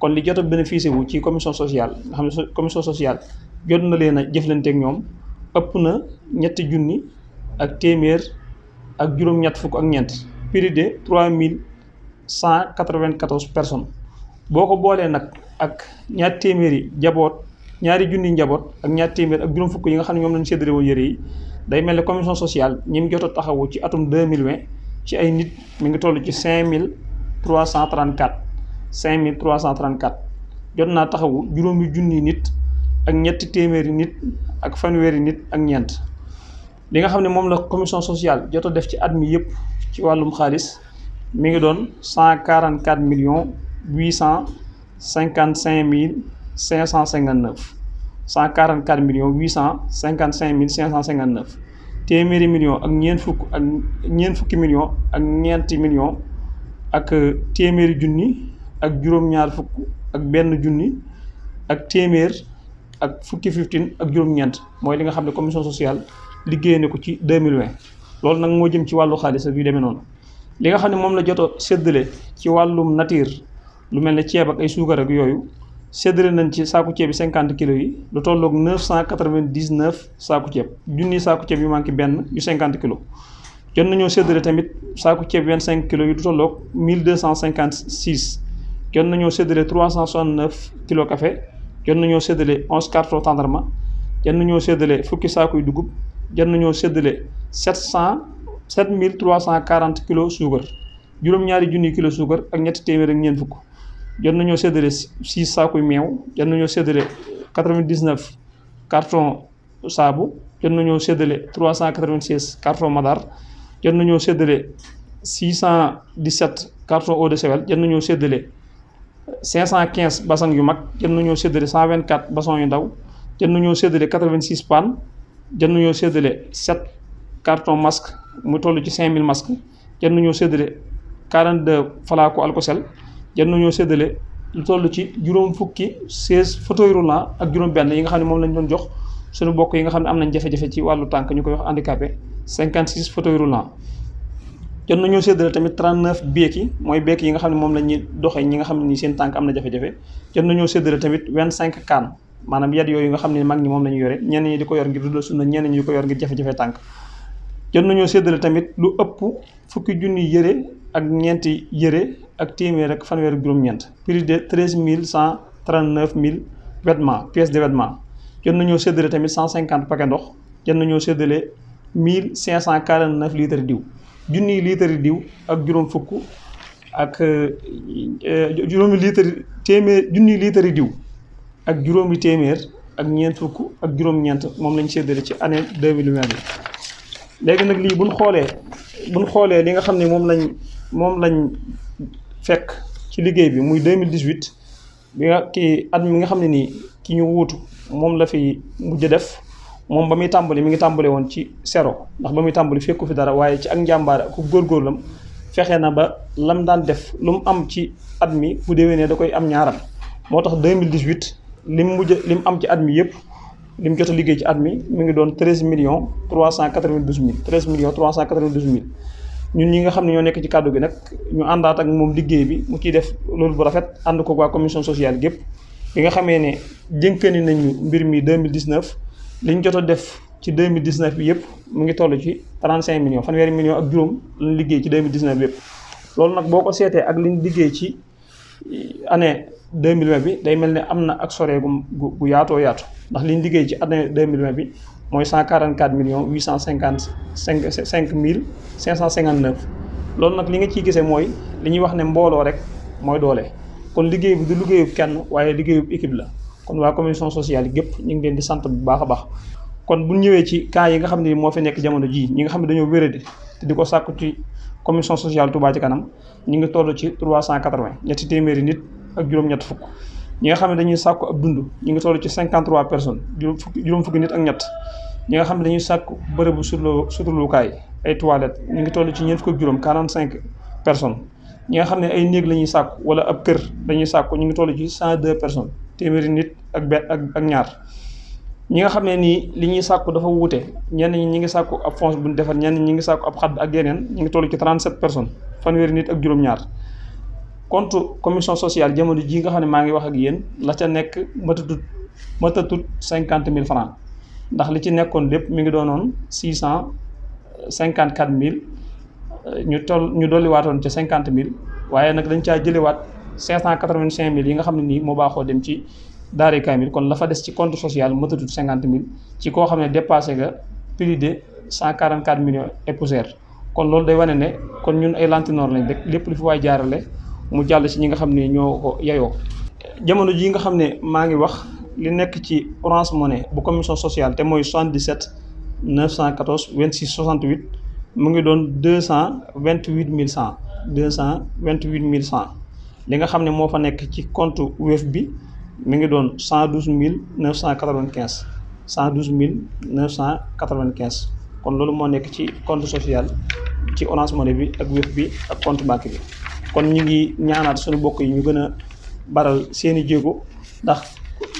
kon li jot a bénéficié wu ci commission sociale nga xam ne commission sociale jot na leen a jëflanteeg ñoom ëpp na ñetti junni ak téeméer ak juróom-ñett fukk ak ñeent prix de trois cent quatre vingt personnes boo ko boolee nag ak ñaar téeméeri jaboot ñaari junni njaboot ak ñaar téeméer ak juróom fukk yi nga xam ne ñoom lañ séddale woon yëre yi day mel ne commission sociale ñi mu jot a taxawu ci atum deux mille ci ay nit mi ngi toll ci cinq mille cent cent cinq 334 5334 jot naa taxawu juróomi junni nit ak ñetti téeméeri nit ak fanweeri nit ak ñeent li nga xam ne moom la commission sociale jot a def ci at mi yëpp ci wàllum xaalis mi ngi doon cent quarante 144 millions 855 mille 559 144 millions 855 mille 559 téeméeri millions ak ñeent fukk ak ñeent fukki million ak ñeenti million ak téeméeri junni ak juróom-ñaar fukk ak benn junni ak téeméer ak fukki fifteen ak juróom-ñeent mooy li nga xam ne commission sociale liggéey na ko ci deux mille vingt loolu nag moo jëm ci wàllu xaalis ak yu demee noonu li nga xam ne moom la jot a ci wàllum nature lu mel ne ceeb ak ay suukar ak yooyu séddale nañ ci saaku ceeb yi cinquante kilos yi lu tolloog neuf cent quatre-vingt-dix-neuf saaku ceeb junni saaku ceeb yu manqué benn yu cinquante kilos jot nañoo séddale tamit saaku ceeb vingt cinq kilos yu du tolloog mille deux cent cinquante six jot nañoo séddale trois cent soixante neuf kilos café jot nañoo séddale onze cartons tàndarma jot nañoo séddale fukki saaku dugub jot nañoo séddale sept cent sept mille trois cent quarante kilos suukar juróom-ñaari junniy kilos suukar ak ñetti téeméer ak ñeent fukk jot nañoo séddale six saakuy meew jot nañoo séddale quatre vingt dix neuf carton saabu jot nañoo séddale trois cent quatre vingt seize carton madar jot nañoo séddale six cent dix-sept carton eau de Javel jot nañoo séddale cinq cent quinze bassin yu mag jot nañoo séddale cent vingt-quatre bassin yu ndaw jot nañoo séddale quatre-vingt-six panne jot nañoo séddale sept carton masque mu toll ci cinq mille masques jot nañoo séddale quarante-deux flacons alcocel jot nañoo séddale lu toll ci juróom fukki seize fauteuil roulant ak juróom benn yi nga xam ne moom lañ doon jox suñu mbokk yi nga xam ne am nañ jafe-jafe ci wàllu tànk ñu ko koy wax handicapé 56 fauteuil roulant jot nañoo séddale tamit 39 beek yi mooy beek yi nga xam ne moom la ñuy doxee ñi nga xam ne nii seen tànk am na jafe-jafe jot nañoo séddale tamit cinq kaan maanaam yat yooyu nga xam ne mag ñi moom la yore ñenn ñi di ko yor ngir dundal sunna ñenn ñi di ko yor ngir jafe-jafe tànk jot nañoo séddale tamit lu ëpp fukki junni yëre ak ñeenti yëre ak téeméer ak fanweer ak juróom-ñeent prix de 13 139 000 vêtements pièces de vêtements jot nañoo séddale tamit cent cinquante paquet ndox jot nañoo seddale mille cinq cent quarante neuf litres diw junniy litres diw ak juróom fukk ak euh, juróom litre téeméer junniy litres diw ak juróomi téeméer ak ñeent fukk ak juróom-ñeent moom lañ séddale ci année deux mille vingt bi léegi nag lii buñ xoolee buñ xoolee li nga xam ne moom lañ moom lañ fekk ci liggéey bi muy deux mille dix huit bi nga kii at mi nga xam ne nii. ki ñu wuutu moom la fi mujj def moom ba muy tàmbali mi ngi tàmbali woon ci sero ndax ba muy tàmbali fekku fi dara waaye ci ak njàmbaar ak góorgóorlam fexe na ba lam daan def lu mu am ci at mi bu déwénee da koy am ñaaram moo tax 2018 lim mujj lim am ci at mi yëpp lim jot a liggéey ci at mi mi ngi doon 13 millions 392 mille 13 millions 392 mille ñun ñi nga xam ne ñoo nekk ci kàddu gi nag ñu ak moom liggéey bi mu ciy def loolu bu rafet ànd ko waa commission sociale gépp bi nga xamee ne jënkani nañu mbir mi 2019 li ñu jot a def ci 2019 bi yëpp mu ngi toll ci 35 millions fanweeri millions ak juróom lañ liggéey ci 2019 bi yëpp loolu nag boo seetee ak liñ liggéey ci eh, année 2020 bi day mel ne am na ak soree gu gu yaatoo yaatu ndax liñ liggéey ci année 2020 bi mooy 144 millions 850 cinq cinq mille 559 loolu nag li nga ciy gisee mooy li ñuy wax ne mbooloo rek mooy doole. kon liggéey bi du liggéeyub kenn waaye liggéeyub équipe la kon waa commission sociale yi gépp ñu ngi leen di sant bu baax a baax kon bu ñëwee ci cas yi nga xam ne moo fi nekk jamono jii ñi xam ne dañoo wéradi te di ko sàkku ci commission sociale Touba ci kanam ñu ngi toll ci trois cent quatre-vingts téeméeri nit ak juróom fukk ñi nga xam ne dañuy sàkku ab ñu ngi toll ci cinquante-trois personnes juróom fukki juróom nit ak ñett ñi nga xam ne dañuy sàkku bërëbu suturlukaay ay toilettes ñu ngi toll ci ñeent fukk juróom quarante-cinq personnes ñi nga xam ne ay néeg la ñuy sàkku wala ab kër dañuy sàkku ñu ngi toll ci cent deux personnes téeméeri nit ak benn ak ñaar ñi nga xam ne nii li ñuy sàkku dafa wuute ñenn ñi ñi ngi sàkku ab fonds bu ñu defar ñenn ñi ngi sàkku ab xadd ak yeneen ñi ngi toll ci trente sept personnes fanweeri nit ak juróom-ñaar compte commission sociale jamono ji nga xam ne maa ngi wax ak yéen la ca nekk matatut matatut cinquante mille francs ndax li ci nekkoon lépp mi ngi doonoon six cent cinquante quatre mille ñu toll ñu dolliwaatoon ca cinquante mille waaye nag dañ caa jëlewaat cinq cent quatre mille yi nga xam ne nii moo baaxoo dem ci daare kaamil kon la fa des ci compte social mëtatut cinquante mil ci koo xam ne dépassé nga plus de cent quarante quatre millions et poussière kon loolu day wane ne kon ñun ay lantinoor lañ rek lépp lu fi waay jaarale mu jàll ci ñi nga xam ne ñoo ko yayoo jamono ji nga xam ne maa ngi wax li nekk ci Orange Money bu commission sociale te mooy 77 914 26 68 mu ngi doon deux cent vingt huit mille cent deux cent vingt huit mille cent li nga xam ne moo fa nekk ci compte Wave bi mi ngi doon cent douze mille neuf cent quatre vingt quinze cent douze mille neuf cent quatre vingt kon loolu moo nekk ci compte social ci Orange bi ak Wave bi ak compte banque bi kon ñu ngi ñaanaat suñu bokk yi ñu gën a baral seeni jéego ndax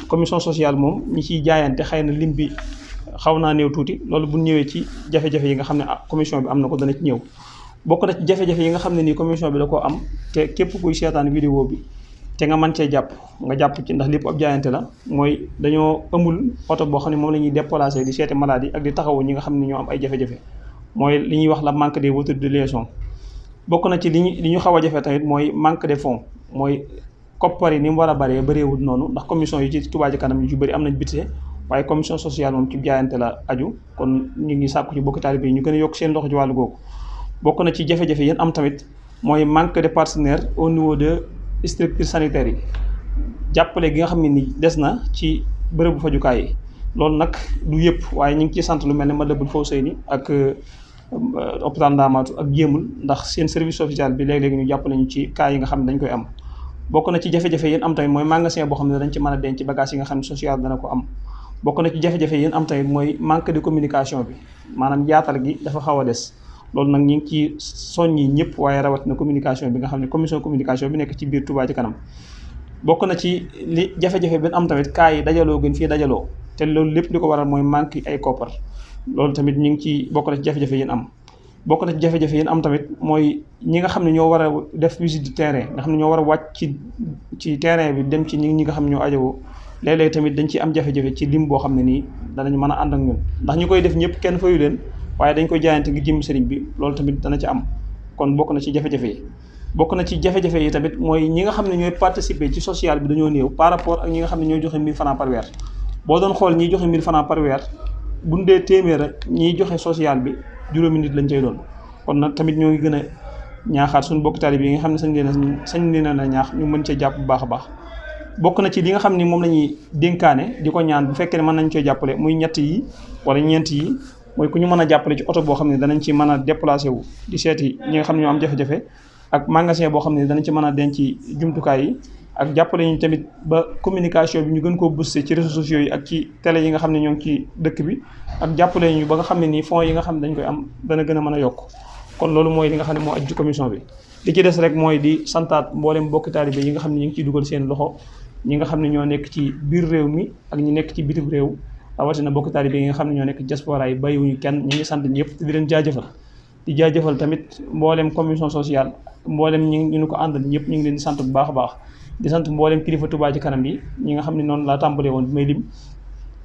commission sociale moom ñi ciy jaayante xëy na lim bi xaw naa néew tuuti loolu bu ñëwee ci jafe-jafe yi nga xam ne ah, commission bi am na ko dana ci ñëw bokk na ci jafe-jafe yi nga xam ne nii commission bi da ko am te képp kuy seetaan vidéo bi te nga mën cee jàpp nga jàpp ci ndax lépp ab jaayante la mooy dañoo amul oto boo xam ne moom la ñuy déplacé di seeti malade ak di taxawu ñi nga xam ne ñoo am ay jafe-jafe mooy li ñuy wax la manque de voiture de liaison bokk na ci li ñu li ñu xaw a jafe tamit mooy manque de fonds mooy koppar yi ni war a bëree bëreewul noonu ndax commission yi ci Kanam yu bëri am nañ budget waaye commission sociale moom ci jaayante la aju kon ñu ngi sàkku ci bokki taalibe yi ñu gën a yokk seen loxo ci wàll googu bokk na ci jafe-jafe am tamit mooy manque de partenaires au niveau de structures yi jàppale gi nga xam ne ni des na ci bërëbu fajukaay yi loolu nag du yëpp waaye ñu ngi ciy sant lu mel ne Matlaboul Fawzayni ak euh, hôpital Ndamatou ak jéemul ndax seen service officiel bi léeg-léeg ñu jàppale ñu ci cas yi nga xam ne dañ koy am bokk na ci jafe-jafe yéen am tamit mooy magasin boo ne dañ ci mën a denc bagage yi nga xam ne social dana ko am bokk na ci jafe-jafe yéen am tamit mooy manque de communication bi maanaam yaatal gi dafa xaw a des loolu nag ñu ngi ci soññi ñëpp waaye rawatina communication bi nga xam ne commission communication bi nekk ci biir Touba ci kanam bokk na ci li jafe-jafe bi am tamit kaa yi dajaloo gën fii dajaloo te loolu lépp li ko waral mooy manque ay koppar loolu tamit ñu ngi ci bokk na ci jafe-jafe yéen am bokk na ci jafe-jafe yéen am tamit mooy ñi nga xam ne ñoo war a def visite du terrain nga xam ne ñoo war a wàcc ci ci terrain bi dem ci ñi nga xam ne ñoo ajowoo léeg tamit dañ ci am jafe-jafe ci lim boo xam ne nii danañu mën a ànd ak ñun ndax ñu koy def ñëpp kenn fayu leen waaye dañ koy jaayante ngi jëm sëriñ bi loolu tamit dana ci am kon bokk na ci jafe bokk na ci jafe yi tamit mooy ñi nga xam ne ñooy participer ci social bi dañoo néew par rapport ak ñi nga xam ne ñooy joxe 1000 francs par boo doon xool ñiy joxe 1000 francs par weer dee téeméer ak ñiy joxe social bi juróomi nit lañu cay doon kon nag tamit ñoo ngi gën a ñaaxaat suñu bokk taalib yi nga xam ne sañ leen a sañ leen a ñaax ñu mën cee jàpp bu baax a baax bokk na ci li nga xam ni moom la ñuy dénkaane di ko ñaan bu fekkee ne mën nañ coo jàppale muy ñett yi wala ñeent yi mooy ku ñu mën a jàppale ci oto boo xam ne danañ ci mën a déplacé wu di seeti ñi nga xam ne ñoo am magasin boo xam ne danañ ci mën a denc jumtukaay yi ak jàppale ñu tamit ba communication bi ñu gën koo booster ci réseaux sociaux yi ak ci télé yi nga xam ne ñoo ngi ci dëkk bi ak jàppale ñu ba nga xam ne nii fonds yi nga xam ne dañ koy am dana gën a mën a yokk kon loolu mooy li nga xam ne moo aju ci commission bi li ci des rek mooy di santaat mboolem mbokki taalibe yi nga xam ne ñu ngi ciy dugal seen loxo ñi nga xam ne ñoo nekk ci biir réew mi ak ñi nekk ci bitim réew rawatina mbokki taalibe yi nga xam ne ñoo nekk diaspora yi bàyyiwuñu kenn ñu kenn sant ñëpp di leen jaajëfal di jaajëfal mboolem commission sociale mboolem ñi ñu ko àndal ñëpp ñu ngi leen sant bu baax a baax di sant mboolem kilifa Touba ci kanam yi ñi nga xam ne noonu laa tàmbalee woon bi may lim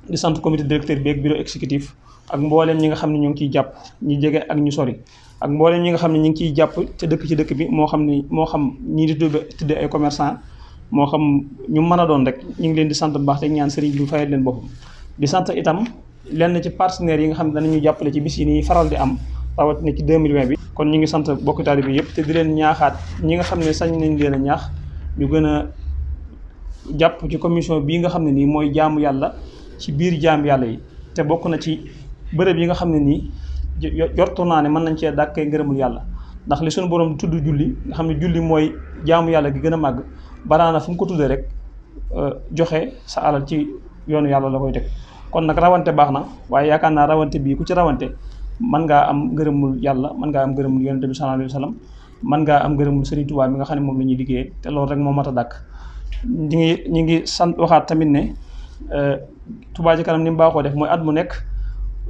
di sant comité directeur bi ak bureau exécutif ak mboolem ñi nga xam ne ñoo ngi ciy jàpp ñi jege ak ñu sori ak mboolem ñi nga xam ne ñu ngi ciy jàpp te dëkk ci dëkk bi moo xam ni moo xam ñii ay commerçant moo xam ñu mën a doon rek ñu ngi leen di sant bu baax te ñaan sëriñ bi fayal leen boppam di sant itam lenn ci partenaires yi nga xam ne danañu ci bis yi nii faral di am rawatina ci 2020 bi kon ñu ngi sant bokk taalibe bi yëpp te leen ñaaxaat ñi nga xam ne sañ nañ leen a ñaax ñu gën a jàpp ci commission bii nga xam ne nii mooy jaamu yàlla ci biir jaam yàlla yi te bokk na ci bërëb yi nga xam ne nii jortu naa ne mën nañ cee dàkkee ngërëmul yàlla ndax li suñu boroom tudd julli nga xam ne julli mooy jaamu yàlla gi gën a màgg baraana fu mu ko tuddee rek euh, joxe sa alal ci yoonu yàlla la koy teg kon nag rawante baax na waaye yaakaar naa rawante bii ku ci rawante mën ngaa am ngërëmul yàlla mën ngaa am ngërëmul yonente bi sallallahu alayhi wa sallam ngaa am ngërëmul Sëriñ Tuubaa mi nga xam ne moom la ñuy liggéeyee te lool rek moo mat a dàkk ñi ngi ñi ngi sant waxaat tamit ne euh, Tuubaa ci kanam ni mu baaxoo def mooy at mu nekk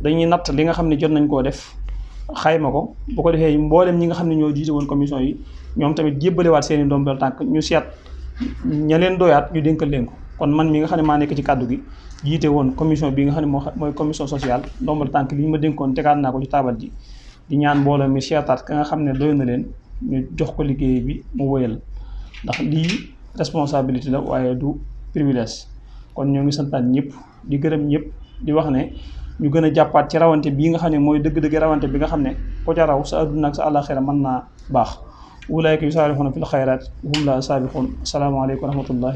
dañuy natt li nga xam ne jot nañ koo def xayma ko boo ko defee mboolem ñi nga xam ne ñoo jiite woon commission yi ñoom tamit jébbalewaat seen i ndombal tànk ñu seet ña leen doyaat ñu dénkal leen ko kon man mi nga xam ne maa nekk ci kàddu gi jiite woon commission bi nga xam ne moo mooy commission sociale ndombal tànk li ñu ma dénkoon tegaat naa ko ci taabal ji di ñaan mbooloo mi seetaat ka nga xam ne doy na leen ñu jox ko liggéey bi mu wëyal ndax lii responsabilité la waaye du privilège kon ñoo ngi santaat ñëpp di gërëm ñëpp di wax ne ñu gën a jàppaat ci rawante bii nga xam ne mooy dëgg-dëgg rawante bi nga xam ne ko ca raw sa adduna ak sa àllaaxira mën naa baax ulaayka yusaarixuuna fil xayraat hum la saabixuun asalaamaaleykum wa rahmatullah